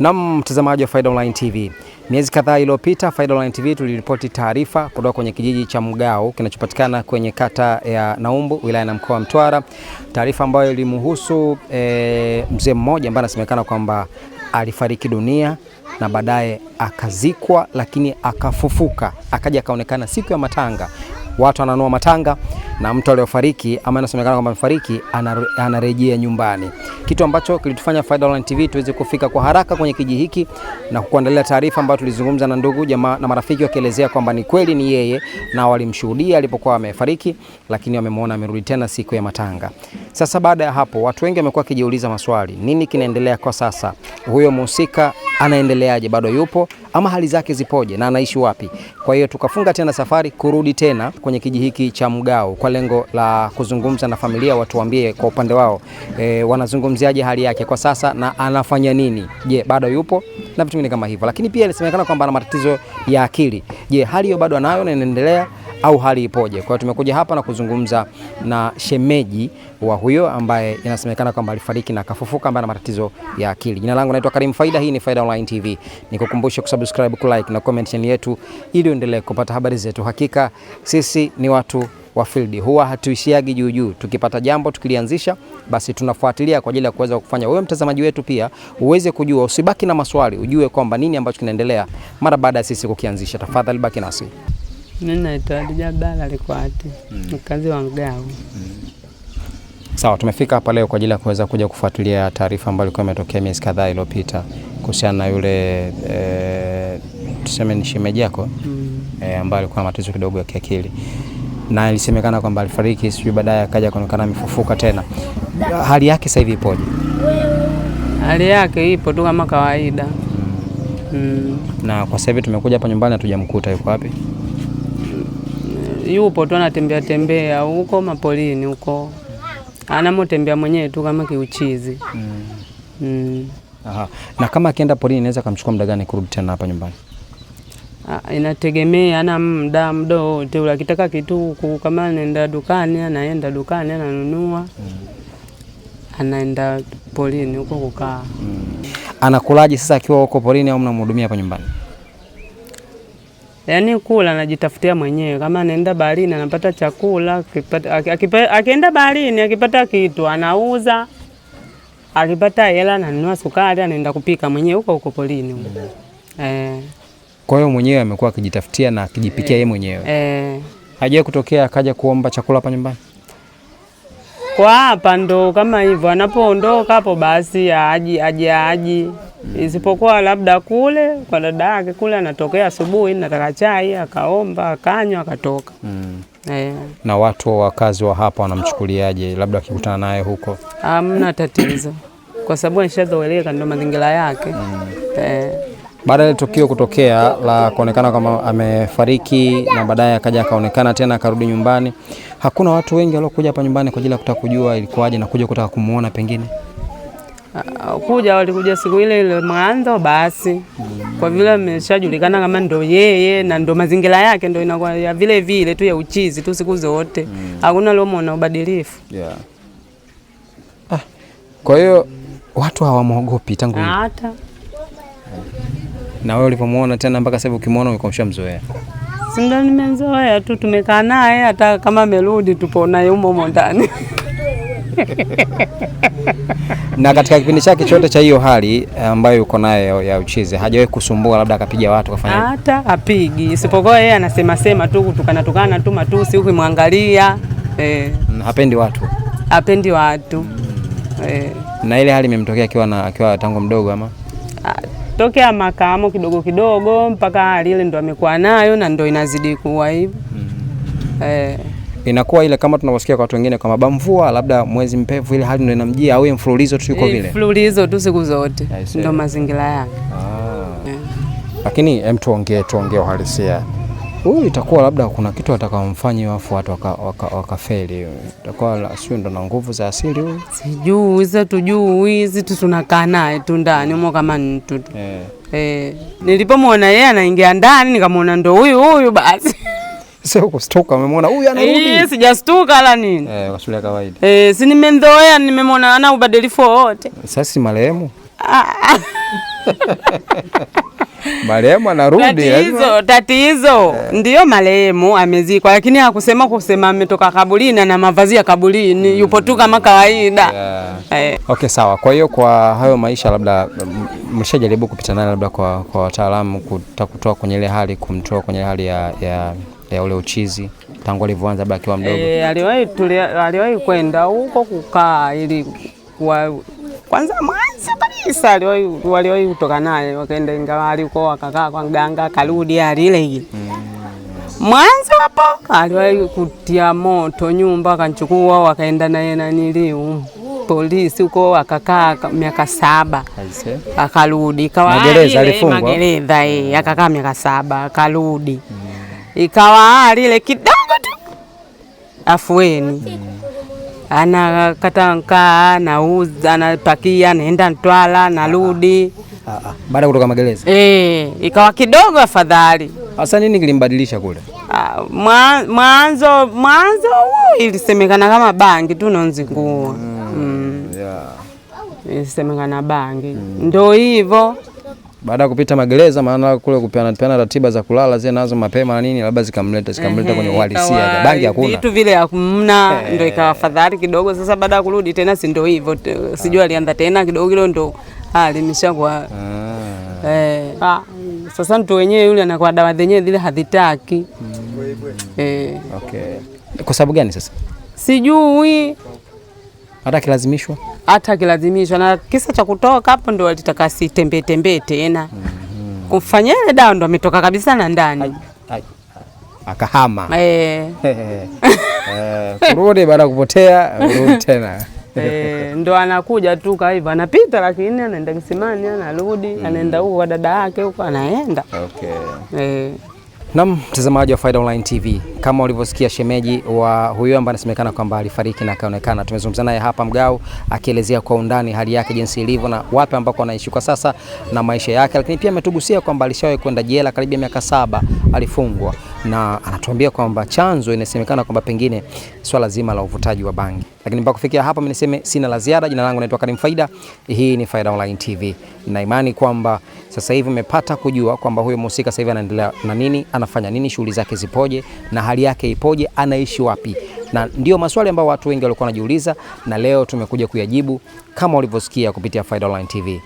Na mtazamaji wa Faida Online TV, miezi kadhaa iliyopita Faida Online TV tuliripoti taarifa kutoka kwenye kijiji cha Mgao kinachopatikana kwenye kata ya Naumbu wilaya na mkoa wa Mtwara, taarifa ambayo ilimhusu e, eh, mzee mmoja ambaye anasemekana kwamba alifariki dunia na baadaye akazikwa, lakini akafufuka akaja akaonekana siku ya matanga watu wananua matanga na mtu aliyofariki ama inasemekana kwamba amefariki anarejea nyumbani, kitu ambacho kilitufanya Faida Online TV tuweze kufika kwa haraka kwenye kijiji hiki na kukuandalia taarifa ambayo tulizungumza na ndugu jamaa na marafiki, wakielezea kwamba ni kweli ni yeye na walimshuhudia alipokuwa amefariki, lakini wamemwona amerudi tena siku ya matanga. Sasa baada ya hapo, watu wengi wamekuwa wakijiuliza maswali, nini kinaendelea kwa sasa? Huyo mhusika anaendeleaje, bado yupo ama hali zake zipoje na anaishi wapi. Kwa hiyo tukafunga tena safari kurudi tena kwenye kijiji hiki cha Mgao kwa lengo la kuzungumza na familia, watuambie kwa upande wao e, wanazungumziaje hali yake kwa sasa na anafanya nini. Je, bado yupo na vitu vingine kama hivyo, lakini pia ilisemekana kwamba ana matatizo ya akili. Je, hali hiyo bado anayo na inaendelea? au hali ipoje. Kwa hiyo tumekuja hapa na kuzungumza na shemeji wa huyo ambaye inasemekana kwamba alifariki na kafufuka, ambaye ana matatizo ya akili. Jina langu naitwa Karim Faida, hii ni Faida Online TV. Nikukumbushe kusubscribe, kulike na comment chini yetu ili uendelee kupata habari zetu. Hakika sisi ni watu wa field huwa hatuishiagi juu juu. Tukipata jambo tukilianzisha, basi tunafuatilia kwa ajili ya kuweza kufanya wewe mtazamaji wetu pia uweze kujua, usibaki na maswali, ujue kwamba nini ambacho kinaendelea mara baada ya sisi kukianzisha. Tafadhali baki nasi. Mimi naitwa Hadija Abdalla Likwati, mm. mkazi wa Mgao. Mm. Sawa, tumefika hapa leo kwa ajili ya kuweza kuja kufuatilia taarifa ambayo ilikuwa imetokea miezi kadhaa iliyopita kuhusiana na yule e, tuseme ni shemeji yako mm. e, ambaye alikuwa na matatizo kidogo ya kiakili na ilisemekana kwamba alifariki, sijui baadaye akaja kuonekana amefufuka tena. Hali yake sasa hivi ipoje? Hali yake ipo tu kama kawaida mm. mm. na kwa sasa hivi tumekuja hapa nyumbani hatujamkuta, yuko wapi? yupo tu anatembea tembea huko mapolini huko, anamotembea mwenyewe tu kama kiuchizi mm. Mm. Aha. Na kama akienda polini inaweza kumchukua muda gani kurudi tena hapa nyumbani? inategemea ana muda mdo wote ule, akitaka kitu kama anaenda dukani anaenda dukani ananunua mm. anaenda polini huko kukaa mm. Anakulaje sasa akiwa huko polini au mnamhudumia hapa nyumbani? yaani kula anajitafutia mwenyewe, kama anaenda baharini anapata chakula, akienda baharini akipata kitu anauza, akipata hela ananunua sukari, anaenda kupika mwenyewe huko huko polini huko mm. eh. Kwa hiyo mwenyewe amekuwa akijitafutia na akijipikia eh. yeye eh. mwenyewe eh. Hajawahi kutokea akaja kuomba chakula hapa nyumbani kwa hapa, ndo kama hivyo, anapoondoka hapo basi aji aji aji isipokuwa labda kule kwa dada yake kule, anatokea asubuhi, nataka chai, akaomba akanywa, akatoka mm. E. Na watu wakazi wa hapa wanamchukuliaje, labda akikutana naye huko? Hamna tatizo kwa sababu nishazoeleka, ndio mazingira yake mm. E. Baada ya tukio kutokea la kuonekana kama amefariki na baadaye akaja akaonekana tena akarudi nyumbani, hakuna watu wengi waliokuja hapa nyumbani kwa ajili ya kutaka kujua ilikuwaje na kuja kutaka kumuona pengine kuja walikuja siku ile ile mwanzo basi, kwa vile ameshajulikana kama ndo yeye na ndo mazingira yake ndo inakuwa ya vile vile tu ya uchizi tu siku zote, mm. hakuna mm. lomona ubadilifu yeah. Ah, kwa hiyo watu hawamwogopi tangu hata na wewe ulipomuona tena mpaka sasa ukimwona umekomsha mzoea Si nimezoea tu, tumekaa naye hata kama amerudi tupo naye umo ndani na katika kipindi chake chote cha hiyo hali eh, ambayo yuko nayo ya uchizi hajawahi kusumbua, labda akapiga watu kafanya hata apigi, isipokuwa yeye anasema sema tu kutukana tukana tu matusi, ukimwangalia eh, mm, hapendi watu, hapendi watu mm. eh. Na ile hali imemtokea akiwa na akiwa tangu mdogo ama ah, tokea makamo kidogo kidogo mpaka hali ile ndo amekuwa nayo na ndo inazidi kuwa hivyo mm. eh inakuwa ile kama tunavyosikia kwa watu wengine kwa mabamvua labda mwezi mpevu, ile hali ndio inamjia au mfululizo tu yuko vile mfululizo tu siku zote, ndio mazingira yake. Ah. Lakini hem, tuongee tuongee uhalisia huyu, itakuwa labda kuna kitu atakamfanya wafu watu wakafeli, waka, waka itakuwa sio ndo na nguvu za asili huyu, sijuu hizo tujuu hizi tu tunakaa naye tu ndani umo kama mtu yeah. Eh, nilipomwona yeye anaingia ndani nikamwona ndo huyu huyu basi Sio kustuka, umemwona huyu anarudi. Eh, sijastuka la nini eh, kwa shule ya kawaida eh, si nimemdhoea, nimemwona ana ubadilifu wote. Sasa si marehemu ah, ah. marehemu anarudi. Tatizo, tatizo eh, Ndio marehemu amezikwa, lakini hakusema kusema ametoka kaburini na mavazi ya kaburini mm, yupo tu kama kawaida yeah. Eh. Okay, sawa. Kwa hiyo kwa hayo maisha, labda mshajaribu kupita naye labda kwa, kwa wataalamu kutoa kwenye ile hali, kumtoa kwenye hali ya, ya ya ule uchizi tangu alivyoanza baba akiwa mdogo? E, aliwahi aliwahi kwenda huko kukaa ili kwa, kwanza mwanzo kabisa aliwahi kutoka naye wakaenda Ingawali huko akakaa kwa mganga karudi hali ile ile mm. Mwanzo hapo aliwahi kutia moto nyumba akanchukua wakaenda naye naniliu polisi huko eh, akakaa miaka saba akarudi kawa magereza akakaa miaka saba akarudi mm ikawa lile kidogo tu afueni mm. anakata nkaa, nauza, napakia naenda Ntwala, narudi ah, ah, baada ya kutoka magereza e, ikawa kidogo afadhali. Hasa nini kilimbadilisha kule? Ah, mwanzo mwanzo ilisemekana kama bangi tu nonzingua mm. mm. yeah. ilisemekana bangi mm. ndo hivyo baada ya kupita magereza, maana kule kupeana peana ratiba za kulala zile nazo mapema na nini, labda zikamleta zikamleta kwenye uhalisia. Bangi hakuna vitu vile, hakuna ndio ikawa kidogo. Sasa baada ya kurudi tena, si ndio hivyo, sijui alianza tena kidogo, hilo ndio alimshakuwa ah, ah. eh. Ah, sasa mtu wenyewe yule anakuwa dawa zenyewe zile hazitaki. Mm. Eh, okay, kwa sababu gani sasa sijui hata kilazimishwa, hata kilazimishwa. Na kisa cha kutoka hapo ndo alitaka sitembee tembee tena mm -hmm. kumfanyia ile dawa ndo ametoka kabisa na ndani akahama e. kurudi baada kupotea kurudi tena e, eh, ndo anakuja tu hivyo anapita lakini anaenda kisimani anarudi mm. anaenda huko kwa dada yake huko, anaenda okay. e. Nam mtazamaji wa Faida Online TV, kama ulivyosikia shemeji wa huyo ambaye anasemekana kwamba alifariki na akaonekana, tumezungumza naye hapa Mgao akielezea kwa undani hali yake jinsi ilivyo na wapi ambako anaishi kwa sasa na maisha yake, lakini pia ametugusia kwamba alishawahi kwenda jela karibu miaka saba alifungwa na anatuambia kwamba chanzo inasemekana kwamba pengine swala zima la uvutaji wa bangi. Lakini mpaka kufikia hapa, mimi niseme sina la ziada. Jina langu naitwa Karim Faida, hii ni Faida Online TV. Nina imani kwamba sasa hivi umepata kujua kwamba huyo mhusika sasa hivi anaendelea na nini, anafanya nini, shughuli zake zipoje na hali yake ipoje, anaishi wapi, na ndio maswali ambayo watu wengi walikuwa wanajiuliza, na leo tumekuja kuyajibu kama ulivyosikia kupitia Faida Online TV.